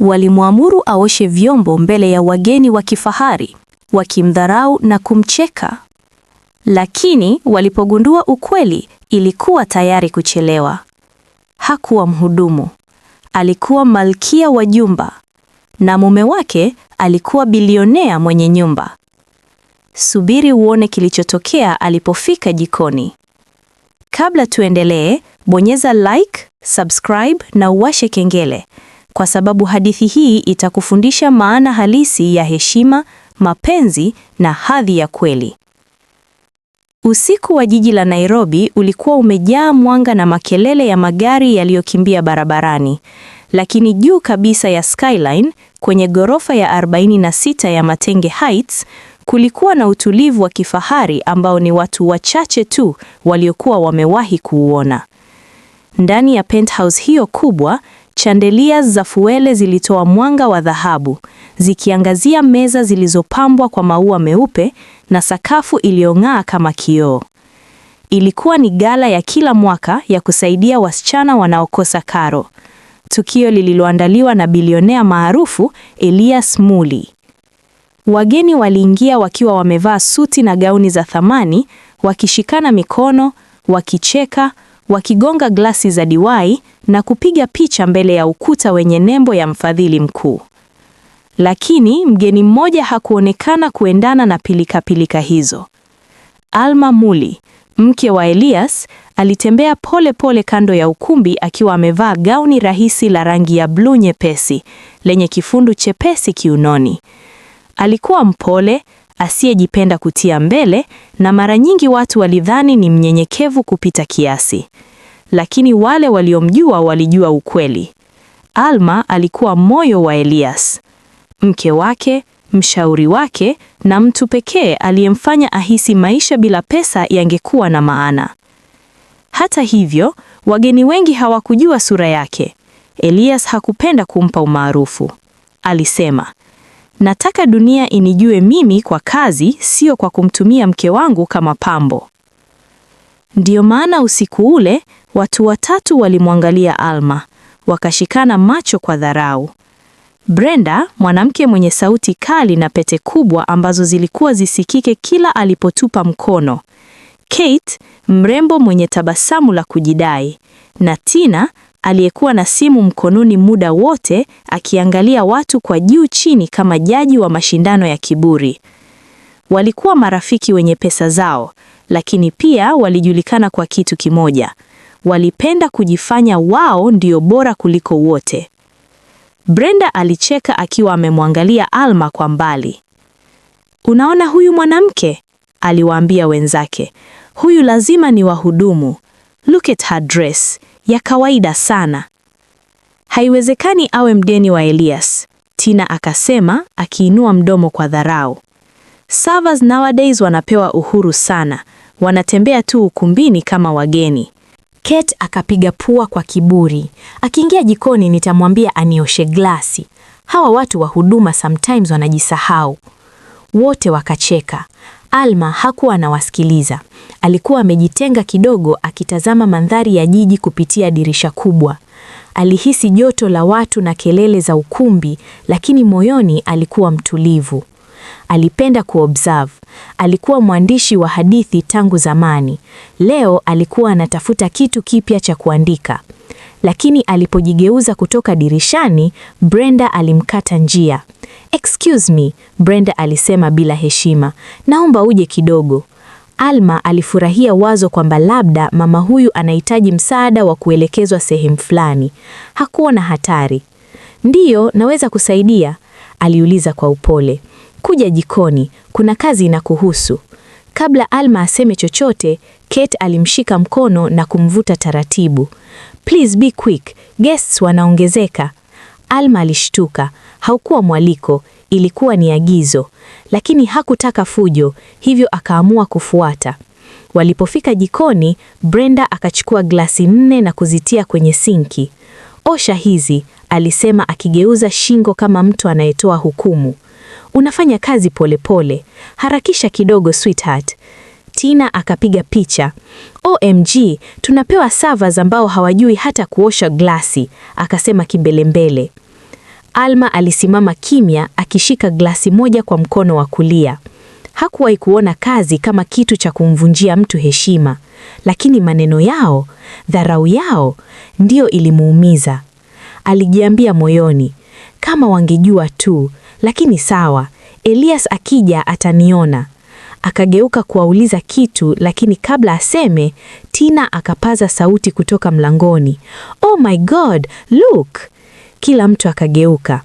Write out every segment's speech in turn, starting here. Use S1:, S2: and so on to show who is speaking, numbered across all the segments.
S1: walimwamuru aoshe vyombo mbele ya wageni wa kifahari, wakimdharau na kumcheka. Lakini walipogundua ukweli, ilikuwa tayari kuchelewa. Hakuwa mhudumu, alikuwa malkia wa jumba, na mume wake alikuwa bilionea mwenye nyumba. Subiri uone kilichotokea alipofika jikoni. Kabla tuendelee, bonyeza like, subscribe na uwashe kengele kwa sababu hadithi hii itakufundisha maana halisi ya heshima, mapenzi na hadhi ya kweli. Usiku wa jiji la Nairobi ulikuwa umejaa mwanga na makelele ya magari yaliyokimbia barabarani, lakini juu kabisa ya skyline kwenye ghorofa ya 46 ya Matenge Heights kulikuwa na utulivu wa kifahari ambao ni watu wachache tu waliokuwa wamewahi kuuona. Ndani ya penthouse hiyo kubwa, Chandelia za fuele zilitoa mwanga wa dhahabu, zikiangazia meza zilizopambwa kwa maua meupe na sakafu iliyong'aa kama kioo. Ilikuwa ni gala ya kila mwaka ya kusaidia wasichana wanaokosa karo, tukio lililoandaliwa na bilionea maarufu Elias Muli. Wageni waliingia wakiwa wamevaa suti na gauni za thamani, wakishikana mikono, wakicheka wakigonga glasi za diwai na kupiga picha mbele ya ukuta wenye nembo ya mfadhili mkuu. Lakini mgeni mmoja hakuonekana kuendana na pilikapilika pilika hizo. Alma Muli, mke wa Elias, alitembea pole pole kando ya ukumbi akiwa amevaa gauni rahisi la rangi ya bluu nyepesi lenye kifundu chepesi kiunoni. Alikuwa mpole, asiyejipenda kutia mbele na mara nyingi watu walidhani ni mnyenyekevu kupita kiasi. Lakini wale waliomjua walijua ukweli. Alma alikuwa moyo wa Elias, mke wake, mshauri wake na mtu pekee aliyemfanya ahisi maisha bila pesa yangekuwa na maana. Hata hivyo, wageni wengi hawakujua sura yake. Elias hakupenda kumpa umaarufu. Alisema, Nataka dunia inijue mimi kwa kazi, sio kwa kumtumia mke wangu kama pambo. Ndiyo maana usiku ule watu watatu walimwangalia Alma, wakashikana macho kwa dharau. Brenda, mwanamke mwenye sauti kali na pete kubwa ambazo zilikuwa zisikike kila alipotupa mkono. Kate, mrembo mwenye tabasamu la kujidai, na Tina aliyekuwa na simu mkononi muda wote akiangalia watu kwa juu chini kama jaji wa mashindano ya kiburi. Walikuwa marafiki wenye pesa zao, lakini pia walijulikana kwa kitu kimoja. Walipenda kujifanya wao ndio bora kuliko wote. Brenda alicheka akiwa amemwangalia Alma kwa mbali. Unaona huyu mwanamke? Aliwaambia wenzake. Huyu lazima ni wahudumu. Look at her dress, ya kawaida sana. Haiwezekani awe mgeni wa Elias, Tina akasema akiinua mdomo kwa dharau. Servers nowadays wanapewa uhuru sana, wanatembea tu ukumbini kama wageni. Kate akapiga pua kwa kiburi. Akiingia jikoni nitamwambia anioshe glasi. Hawa watu wa huduma sometimes wanajisahau. Wote wakacheka. Alma hakuwa anawasikiliza. Alikuwa amejitenga kidogo akitazama mandhari ya jiji kupitia dirisha kubwa. Alihisi joto la watu na kelele za ukumbi, lakini moyoni alikuwa mtulivu. Alipenda kuobserve. Alikuwa mwandishi wa hadithi tangu zamani. Leo alikuwa anatafuta kitu kipya cha kuandika lakini alipojigeuza kutoka dirishani, Brenda alimkata njia. Excuse me, Brenda alisema bila heshima, naomba uje kidogo. Alma alifurahia wazo kwamba labda mama huyu anahitaji msaada wa kuelekezwa sehemu fulani. Hakuona hatari. Ndiyo, naweza kusaidia, aliuliza kwa upole. Kuja jikoni, kuna kazi inakuhusu. Kabla Alma aseme chochote, Kate alimshika mkono na kumvuta taratibu. Please be quick, guests wanaongezeka. Alma alishtuka. Haukuwa mwaliko, ilikuwa ni agizo, lakini hakutaka fujo, hivyo akaamua kufuata. Walipofika jikoni, Brenda akachukua glasi nne na kuzitia kwenye sinki. Osha hizi, alisema akigeuza shingo kama mtu anayetoa hukumu. Unafanya kazi polepole pole. Harakisha kidogo sweetheart. Tina akapiga picha. OMG, tunapewa servers ambao hawajui hata kuosha glasi, akasema kimbelembele. Alma alisimama kimya akishika glasi moja kwa mkono wa kulia. Hakuwahi kuona kazi kama kitu cha kumvunjia mtu heshima, lakini maneno yao, dharau yao ndiyo ilimuumiza. Alijiambia moyoni, kama wangejua tu, lakini sawa, Elias akija ataniona. Akageuka kuwauliza kitu, lakini kabla aseme, Tina akapaza sauti kutoka mlangoni, oh my god look! Kila mtu akageuka.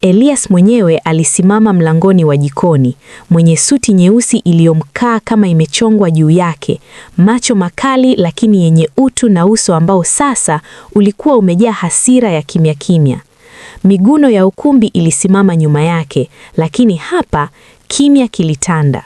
S1: Elias mwenyewe alisimama mlangoni wa jikoni, mwenye suti nyeusi iliyomkaa kama imechongwa juu yake, macho makali lakini yenye utu na uso ambao sasa ulikuwa umejaa hasira ya kimya kimya. Miguno ya ukumbi ilisimama nyuma yake, lakini hapa kimya kilitanda.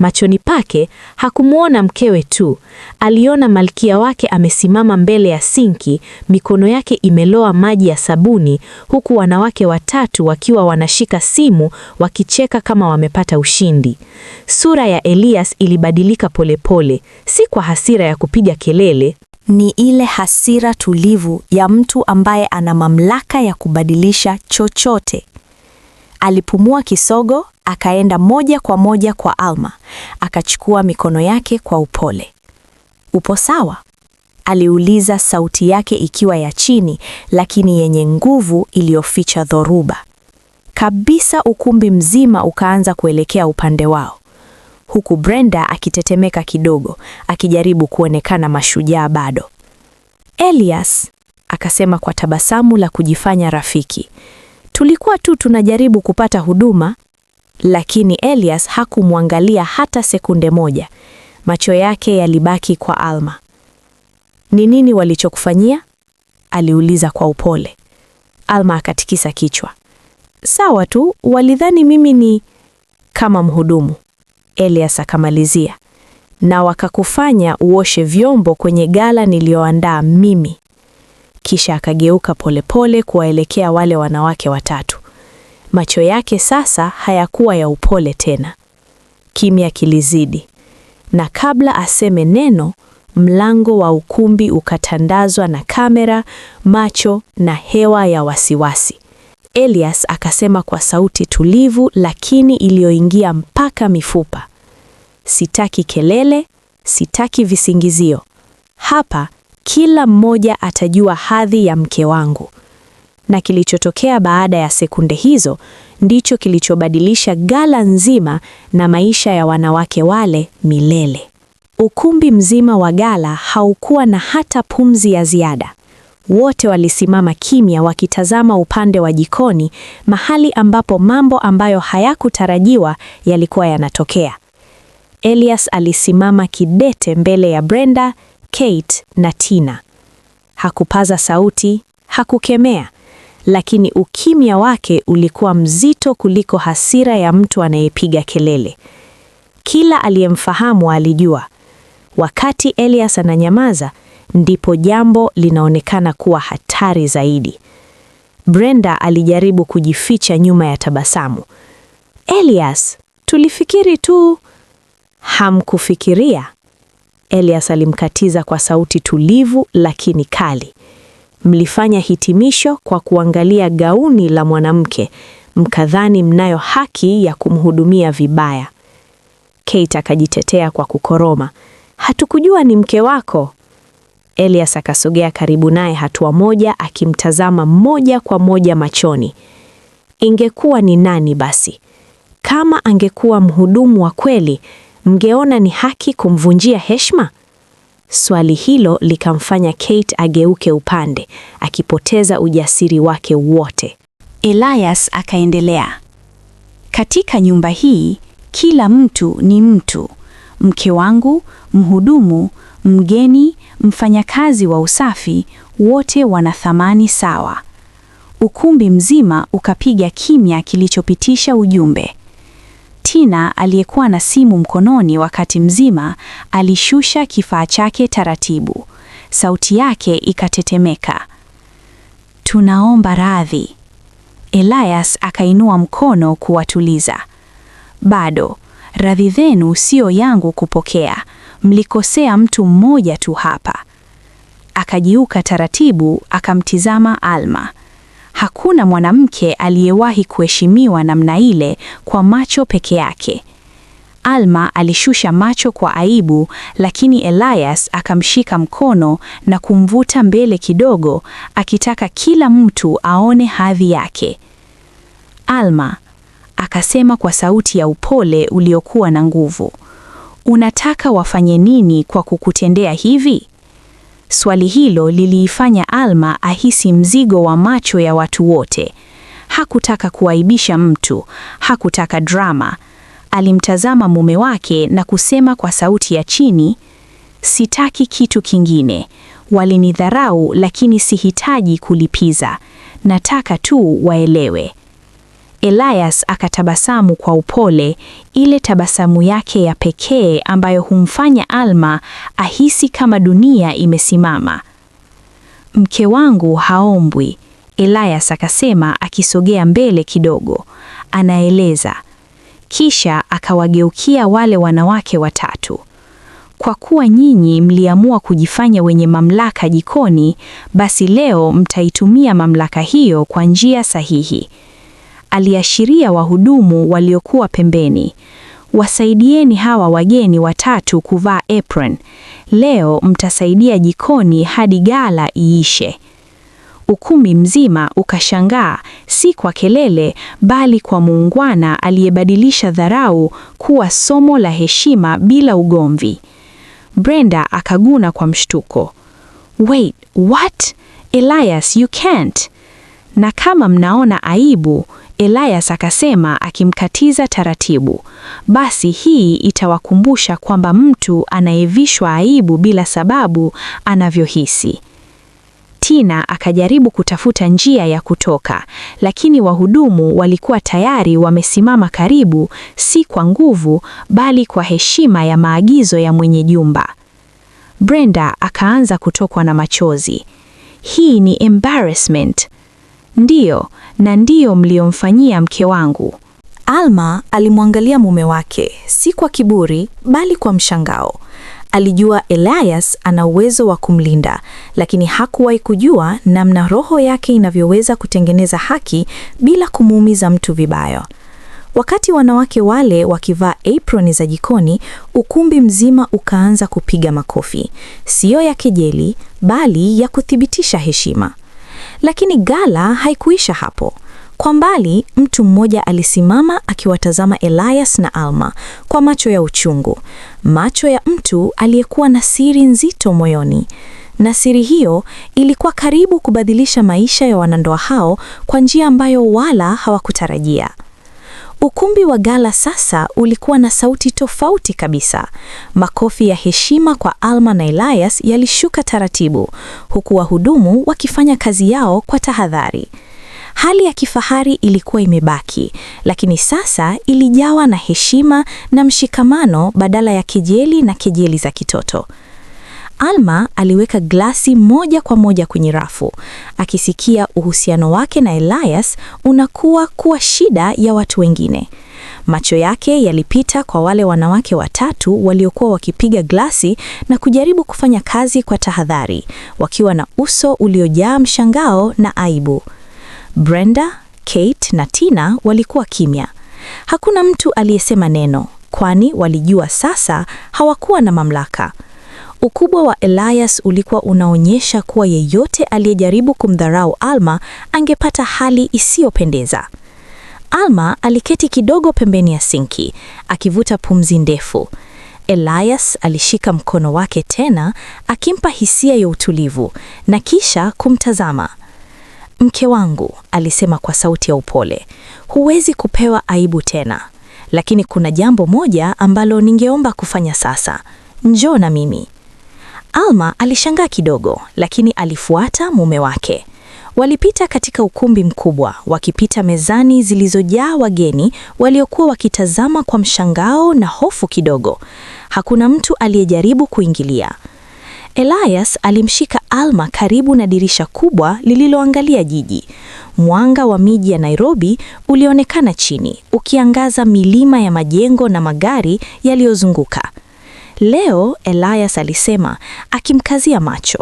S1: Machoni pake hakumwona mkewe tu, aliona malkia wake amesimama mbele ya sinki, mikono yake imeloa maji ya sabuni, huku wanawake watatu wakiwa wanashika simu wakicheka kama wamepata ushindi. Sura ya Elias ilibadilika polepole, si kwa hasira ya kupiga kelele ni ile hasira tulivu ya mtu ambaye ana mamlaka ya kubadilisha chochote. Alipumua kisogo, akaenda moja kwa moja kwa Alma, akachukua mikono yake kwa upole. Upo sawa? aliuliza, sauti yake ikiwa ya chini lakini yenye nguvu iliyoficha dhoruba kabisa. Ukumbi mzima ukaanza kuelekea upande wao, huku Brenda akitetemeka kidogo, akijaribu kuonekana mashujaa bado. Elias akasema kwa tabasamu la kujifanya rafiki Tulikuwa tu tunajaribu kupata huduma, lakini Elias hakumwangalia hata sekunde moja. Macho yake yalibaki kwa Alma. Ni nini walichokufanyia? aliuliza kwa upole. Alma akatikisa kichwa. Sawa tu, walidhani mimi ni kama mhudumu, Elias akamalizia, na wakakufanya uoshe vyombo kwenye gala niliyoandaa mimi kisha akageuka polepole kuwaelekea wale wanawake watatu. Macho yake sasa hayakuwa ya upole tena. Kimya kilizidi, na kabla aseme neno, mlango wa ukumbi ukatandazwa na kamera, macho na hewa ya wasiwasi. Elias akasema kwa sauti tulivu lakini iliyoingia mpaka mifupa, sitaki kelele, sitaki visingizio. Hapa kila mmoja atajua hadhi ya mke wangu. Na kilichotokea baada ya sekunde hizo ndicho kilichobadilisha gala nzima na maisha ya wanawake wale milele. Ukumbi mzima wa gala haukuwa na hata pumzi ya ziada. Wote walisimama kimya wakitazama upande wa jikoni, mahali ambapo mambo ambayo hayakutarajiwa yalikuwa yanatokea. Elias alisimama kidete mbele ya Brenda Kate na Tina. Hakupaza sauti, hakukemea, lakini ukimya wake ulikuwa mzito kuliko hasira ya mtu anayepiga kelele. Kila aliyemfahamu alijua, wakati Elias ananyamaza ndipo jambo linaonekana kuwa hatari zaidi. Brenda alijaribu kujificha nyuma ya tabasamu. Elias, tulifikiri tu... Hamkufikiria, Elias alimkatiza kwa sauti tulivu lakini kali. Mlifanya hitimisho kwa kuangalia gauni la mwanamke, mkadhani mnayo haki ya kumhudumia vibaya. Kate akajitetea kwa kukoroma, hatukujua ni mke wako. Elias akasogea karibu naye hatua moja, akimtazama moja kwa moja machoni. Ingekuwa ni nani basi? Kama angekuwa mhudumu wa kweli mngeona ni haki kumvunjia heshima? Swali hilo likamfanya Kate ageuke upande, akipoteza ujasiri wake wote. Elias akaendelea, katika nyumba hii kila mtu ni mtu, mke wangu, mhudumu, mgeni, mfanyakazi wa usafi, wote wana thamani sawa. Ukumbi mzima ukapiga kimya kilichopitisha ujumbe. Tina aliyekuwa na simu mkononi wakati mzima alishusha kifaa chake taratibu. Sauti yake ikatetemeka. Tunaomba radhi. Elias akainua mkono kuwatuliza. Bado radhi zenu siyo yangu kupokea. Mlikosea mtu mmoja tu hapa. Akajiuka taratibu akamtizama Alma. Hakuna mwanamke aliyewahi kuheshimiwa namna ile kwa macho peke yake. Alma alishusha macho kwa aibu, lakini Elias akamshika mkono na kumvuta mbele kidogo, akitaka kila mtu aone hadhi yake. Alma, akasema kwa sauti ya upole uliokuwa na nguvu, unataka wafanye nini kwa kukutendea hivi? Swali hilo liliifanya Alma ahisi mzigo wa macho ya watu wote. Hakutaka kuaibisha mtu, hakutaka drama. Alimtazama mume wake na kusema kwa sauti ya chini, sitaki kitu kingine. Walinidharau, lakini sihitaji kulipiza. Nataka tu waelewe. Elias akatabasamu kwa upole, ile tabasamu yake ya pekee ambayo humfanya Alma ahisi kama dunia imesimama. Mke wangu haombwi, Elias akasema akisogea mbele kidogo, anaeleza. Kisha akawageukia wale wanawake watatu. Kwa kuwa nyinyi mliamua kujifanya wenye mamlaka jikoni, basi leo mtaitumia mamlaka hiyo kwa njia sahihi aliashiria wahudumu waliokuwa pembeni. Wasaidieni hawa wageni watatu kuvaa apron. Leo mtasaidia jikoni hadi gala iishe. Ukumbi mzima ukashangaa, si kwa kelele, bali kwa muungwana aliyebadilisha dharau kuwa somo la heshima bila ugomvi. Brenda akaguna kwa mshtuko. Wait, what? Elias, you can't. Na kama mnaona aibu, Elias akasema akimkatiza taratibu, basi hii itawakumbusha kwamba mtu anayevishwa aibu bila sababu anavyohisi. Tina akajaribu kutafuta njia ya kutoka, lakini wahudumu walikuwa tayari wamesimama karibu, si kwa nguvu, bali kwa heshima ya maagizo ya mwenye jumba. Brenda akaanza kutokwa na machozi. Hii ni embarrassment. Ndiyo, na ndiyo mliomfanyia mke wangu. Alma alimwangalia mume wake, si kwa kiburi, bali kwa mshangao. Alijua Elias ana uwezo wa kumlinda, lakini hakuwahi kujua namna roho yake inavyoweza kutengeneza haki bila kumuumiza mtu vibaya. Wakati wanawake wale wakivaa aproni za jikoni, ukumbi mzima ukaanza kupiga makofi, siyo ya kejeli, bali ya kuthibitisha heshima. Lakini gala haikuisha hapo. Kwa mbali, mtu mmoja alisimama akiwatazama Elias na Alma kwa macho ya uchungu, macho ya mtu aliyekuwa na siri nzito moyoni, na siri hiyo ilikuwa karibu kubadilisha maisha ya wanandoa hao kwa njia ambayo wala hawakutarajia. Ukumbi wa gala sasa ulikuwa na sauti tofauti kabisa. Makofi ya heshima kwa Alma na Elias yalishuka taratibu, huku wahudumu wakifanya kazi yao kwa tahadhari. Hali ya kifahari ilikuwa imebaki, lakini sasa ilijawa na heshima na mshikamano badala ya kejeli na kejeli za kitoto. Alma aliweka glasi moja kwa moja kwenye rafu, akisikia uhusiano wake na Elias unakuwa kuwa shida ya watu wengine. Macho yake yalipita kwa wale wanawake watatu waliokuwa wakipiga glasi na kujaribu kufanya kazi kwa tahadhari, wakiwa na uso uliojaa mshangao na aibu. Brenda, Kate na Tina walikuwa kimya. Hakuna mtu aliyesema neno, kwani walijua sasa hawakuwa na mamlaka. Ukubwa wa Elias ulikuwa unaonyesha kuwa yeyote aliyejaribu kumdharau Alma angepata hali isiyopendeza. Alma aliketi kidogo pembeni ya sinki, akivuta pumzi ndefu. Elias alishika mkono wake tena, akimpa hisia ya utulivu na kisha kumtazama. Mke wangu, alisema kwa sauti ya upole, huwezi kupewa aibu tena, lakini kuna jambo moja ambalo ningeomba kufanya sasa. Njoo na mimi. Alma alishangaa kidogo, lakini alifuata mume wake. Walipita katika ukumbi mkubwa, wakipita mezani zilizojaa wageni waliokuwa wakitazama kwa mshangao na hofu kidogo. Hakuna mtu aliyejaribu kuingilia. Elias alimshika Alma karibu na dirisha kubwa lililoangalia jiji. Mwanga wa miji ya Nairobi ulionekana chini, ukiangaza milima ya majengo na magari yaliyozunguka. Leo Elias alisema akimkazia macho,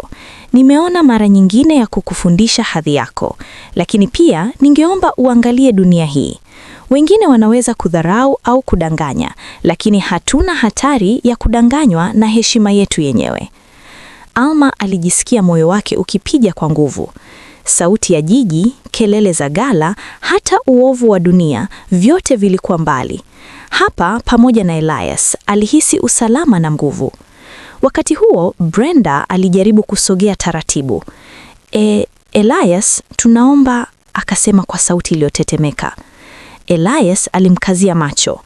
S1: nimeona mara nyingine ya kukufundisha hadhi yako, lakini pia ningeomba uangalie dunia hii. Wengine wanaweza kudharau au kudanganya, lakini hatuna hatari ya kudanganywa na heshima yetu yenyewe. Alma alijisikia moyo wake ukipiga kwa nguvu. Sauti ya jiji, kelele za gala, hata uovu wa dunia, vyote vilikuwa mbali. Hapa pamoja na Elias alihisi usalama na nguvu. Wakati huo Brenda alijaribu kusogea taratibu. E, Elias tunaomba, akasema kwa sauti iliyotetemeka. Elias alimkazia macho.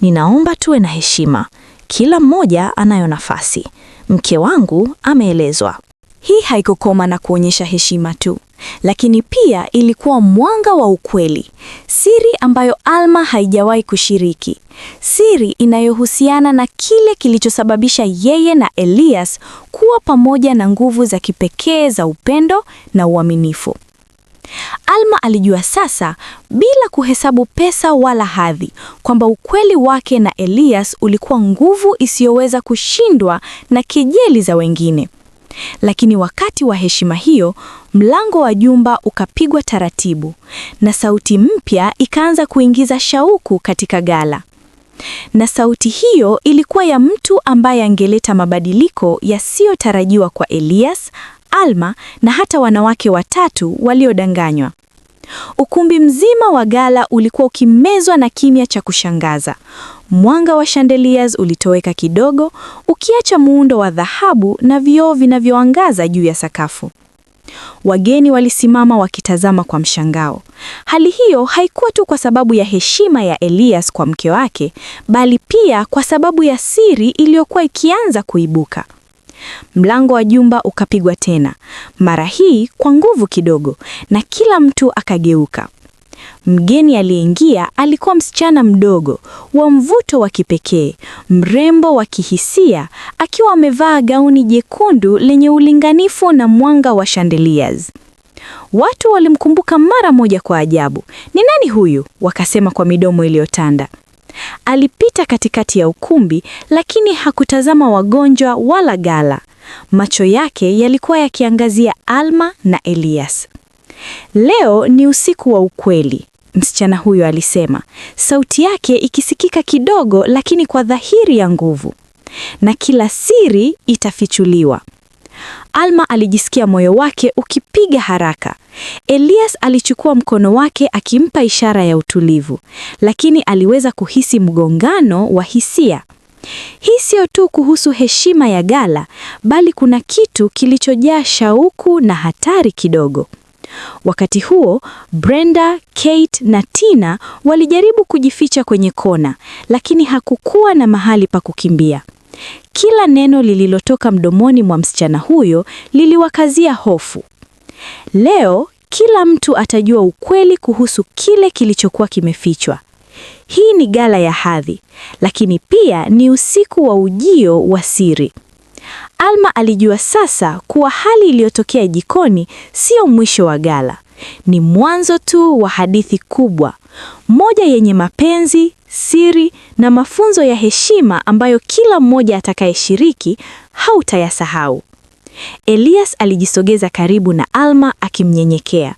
S1: Ninaomba tuwe na heshima, kila mmoja anayo nafasi. Mke wangu ameelezwa, hii haikukoma na kuonyesha heshima tu, lakini pia ilikuwa mwanga wa ukweli, siri ambayo Alma haijawahi kushiriki, siri inayohusiana na kile kilichosababisha yeye na Elias kuwa pamoja na nguvu za kipekee za upendo na uaminifu. Alma alijua sasa, bila kuhesabu pesa wala hadhi, kwamba ukweli wake na Elias ulikuwa nguvu isiyoweza kushindwa na kejeli za wengine. Lakini wakati wa heshima hiyo, mlango wa jumba ukapigwa taratibu na sauti mpya ikaanza kuingiza shauku katika gala. Na sauti hiyo ilikuwa ya mtu ambaye angeleta mabadiliko yasiyotarajiwa kwa Elias, Alma na hata wanawake watatu waliodanganywa. Ukumbi mzima wa gala ulikuwa ukimezwa na kimya cha kushangaza. Mwanga wa chandeliers ulitoweka kidogo, ukiacha muundo wa dhahabu na vioo vinavyoangaza juu ya sakafu. Wageni walisimama wakitazama kwa mshangao. Hali hiyo haikuwa tu kwa sababu ya heshima ya Elias kwa mke wake, bali pia kwa sababu ya siri iliyokuwa ikianza kuibuka. Mlango wa jumba ukapigwa tena, mara hii kwa nguvu kidogo, na kila mtu akageuka. Mgeni aliyeingia alikuwa msichana mdogo wa mvuto wa kipekee, mrembo wa kihisia, akiwa amevaa gauni jekundu lenye ulinganifu na mwanga wa chandeliers. Watu walimkumbuka mara moja kwa ajabu. Ni nani huyu? wakasema kwa midomo iliyotanda. Alipita katikati ya ukumbi, lakini hakutazama wagonjwa wala gala Macho yake yalikuwa yakiangazia Alma na Elias. Leo ni usiku wa ukweli, msichana huyo alisema, sauti yake ikisikika kidogo, lakini kwa dhahiri ya nguvu, na kila siri itafichuliwa. Alma alijisikia moyo wake ukipiga haraka. Elias alichukua mkono wake akimpa ishara ya utulivu, lakini aliweza kuhisi mgongano wa hisia. Hii sio tu kuhusu heshima ya gala, bali kuna kitu kilichojaa shauku na hatari kidogo. Wakati huo Brenda, Kate na Tina walijaribu kujificha kwenye kona, lakini hakukuwa na mahali pa kukimbia. Kila neno lililotoka mdomoni mwa msichana huyo liliwakazia hofu. Leo kila mtu atajua ukweli kuhusu kile kilichokuwa kimefichwa. Hii ni gala ya hadhi, lakini pia ni usiku wa ujio wa siri. Alma alijua sasa kuwa hali iliyotokea jikoni sio mwisho wa gala, ni mwanzo tu wa hadithi kubwa, moja yenye mapenzi, siri na mafunzo ya heshima ambayo kila mmoja atakayeshiriki hautayasahau. Elias alijisogeza karibu na Alma akimnyenyekea.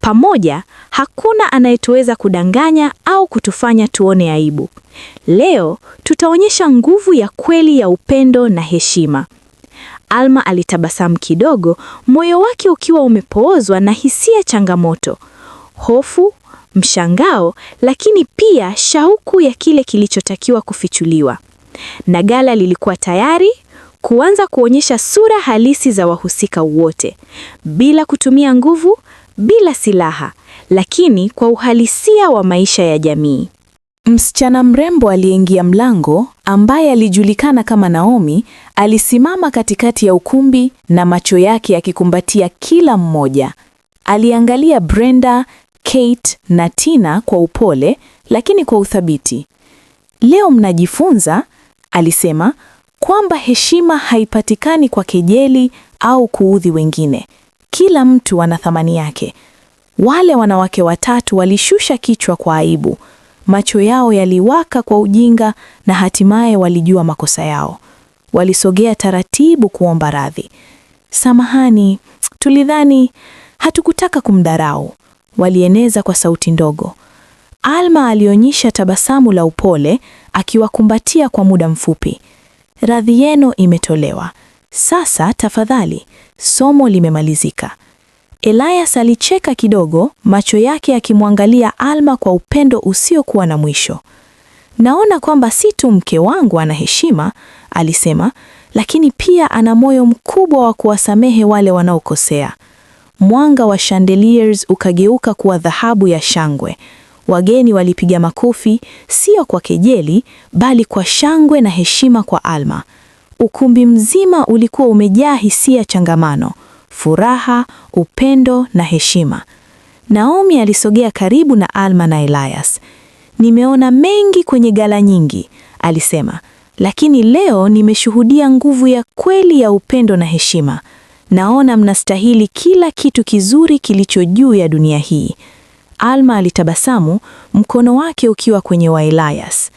S1: Pamoja, hakuna anayetuweza kudanganya au kutufanya tuone aibu. Leo tutaonyesha nguvu ya kweli ya upendo na heshima. Alma alitabasamu kidogo, moyo wake ukiwa umepoozwa na hisia changamoto, hofu, mshangao, lakini pia shauku ya kile kilichotakiwa kufichuliwa. Na gala lilikuwa tayari kuanza kuonyesha sura halisi za wahusika wote, bila kutumia nguvu, bila silaha, lakini kwa uhalisia wa maisha ya jamii. Msichana mrembo aliyeingia mlango, ambaye alijulikana kama Naomi, alisimama katikati ya ukumbi na macho yake yakikumbatia kila mmoja. Aliangalia Brenda, Kate na Tina kwa upole lakini kwa uthabiti. Leo mnajifunza, alisema, kwamba heshima haipatikani kwa kejeli au kuudhi wengine. Kila mtu ana thamani yake. Wale wanawake watatu walishusha kichwa kwa aibu. Macho yao yaliwaka kwa ujinga na hatimaye walijua makosa yao. Walisogea taratibu kuomba radhi. Samahani, tulidhani hatukutaka kumdharau walieneza kwa sauti ndogo. Alma alionyesha tabasamu la upole akiwakumbatia kwa muda mfupi. Radhi yenu imetolewa. Sasa tafadhali, somo limemalizika. Elias alicheka kidogo, macho yake akimwangalia Alma kwa upendo usiokuwa na mwisho. Naona kwamba si tu mke wangu ana heshima, alisema, lakini pia ana moyo mkubwa wa kuwasamehe wale wanaokosea. Mwanga wa chandeliers ukageuka kuwa dhahabu ya shangwe. Wageni walipiga makofi, sio kwa kejeli, bali kwa shangwe na heshima kwa Alma. Ukumbi mzima ulikuwa umejaa hisia changamano, furaha, upendo na heshima. Naomi alisogea karibu na Alma na Elias. Nimeona mengi kwenye gala nyingi, alisema, lakini leo nimeshuhudia nguvu ya kweli ya upendo na heshima. Naona mnastahili kila kitu kizuri kilicho juu ya dunia hii. Alma alitabasamu, mkono wake ukiwa kwenye wa Elias.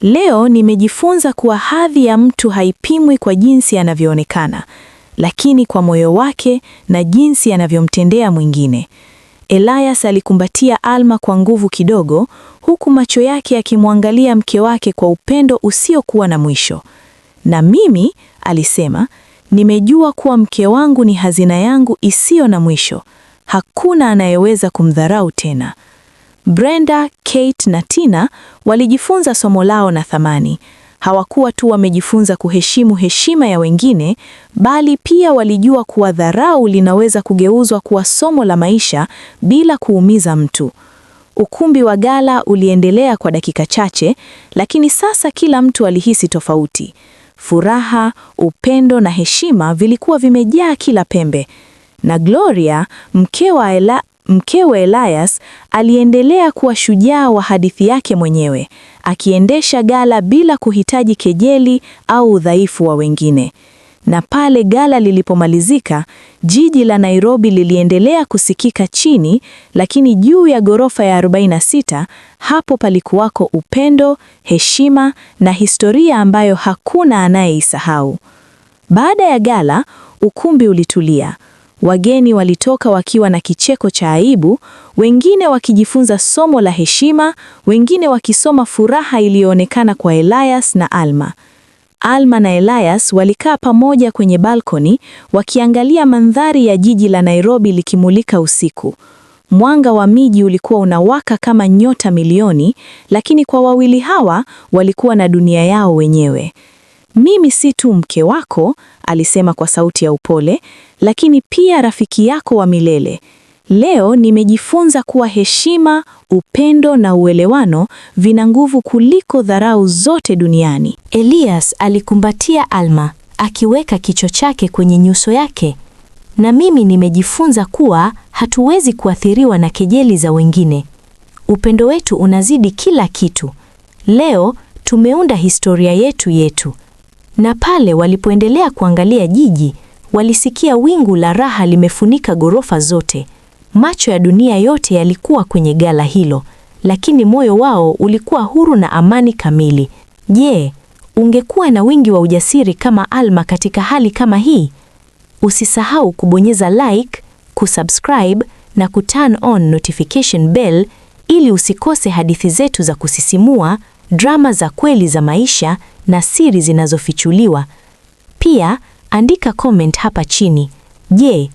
S1: Leo nimejifunza kuwa hadhi ya mtu haipimwi kwa jinsi anavyoonekana, lakini kwa moyo wake na jinsi anavyomtendea mwingine. Elias alikumbatia Alma kwa nguvu kidogo, huku macho yake yakimwangalia mke wake kwa upendo usiokuwa na mwisho. Na mimi, alisema Nimejua kuwa mke wangu ni hazina yangu isiyo na mwisho. Hakuna anayeweza kumdharau tena. Brenda, Kate na Tina walijifunza somo lao na thamani. Hawakuwa tu wamejifunza kuheshimu heshima ya wengine, bali pia walijua kuwa dharau linaweza kugeuzwa kuwa somo la maisha bila kuumiza mtu. Ukumbi wa gala uliendelea kwa dakika chache, lakini sasa kila mtu alihisi tofauti. Furaha, upendo na heshima vilikuwa vimejaa kila pembe, na Gloria wa Ela, mkewe Elias aliendelea kuwa shujaa wa hadithi yake mwenyewe, akiendesha gala bila kuhitaji kejeli au udhaifu wa wengine. Na pale gala lilipomalizika, jiji la Nairobi liliendelea kusikika chini, lakini juu ya ghorofa ya 46 hapo palikuwako upendo, heshima na historia ambayo hakuna anayeisahau. Baada ya gala, ukumbi ulitulia. Wageni walitoka wakiwa na kicheko cha aibu, wengine wakijifunza somo la heshima, wengine wakisoma furaha iliyoonekana kwa Elias na Alma. Alma na Elias walikaa pamoja kwenye balkoni wakiangalia mandhari ya jiji la Nairobi likimulika usiku. Mwanga wa miji ulikuwa unawaka kama nyota milioni, lakini kwa wawili hawa walikuwa na dunia yao wenyewe. Mimi si tu mke wako, alisema kwa sauti ya upole, lakini pia rafiki yako wa milele. Leo nimejifunza kuwa heshima, upendo na uelewano vina nguvu kuliko dharau zote duniani. Elias alikumbatia Alma, akiweka kichwa chake kwenye nyuso yake. Na mimi nimejifunza kuwa hatuwezi kuathiriwa na kejeli za wengine. Upendo wetu unazidi kila kitu. Leo tumeunda historia yetu yetu. Na pale walipoendelea kuangalia jiji, walisikia wingu la raha limefunika ghorofa zote. Macho ya dunia yote yalikuwa kwenye gala hilo, lakini moyo wao ulikuwa huru na amani kamili. Je, ungekuwa na wingi wa ujasiri kama Alma katika hali kama hii? Usisahau kubonyeza like, kusubscribe na kuturn on notification bell ili usikose hadithi zetu za kusisimua, drama za kweli za maisha na siri zinazofichuliwa. Pia andika comment hapa chini. Je,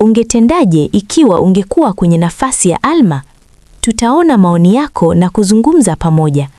S1: Ungetendaje ikiwa ungekuwa kwenye nafasi ya Alma? Tutaona maoni yako na kuzungumza pamoja.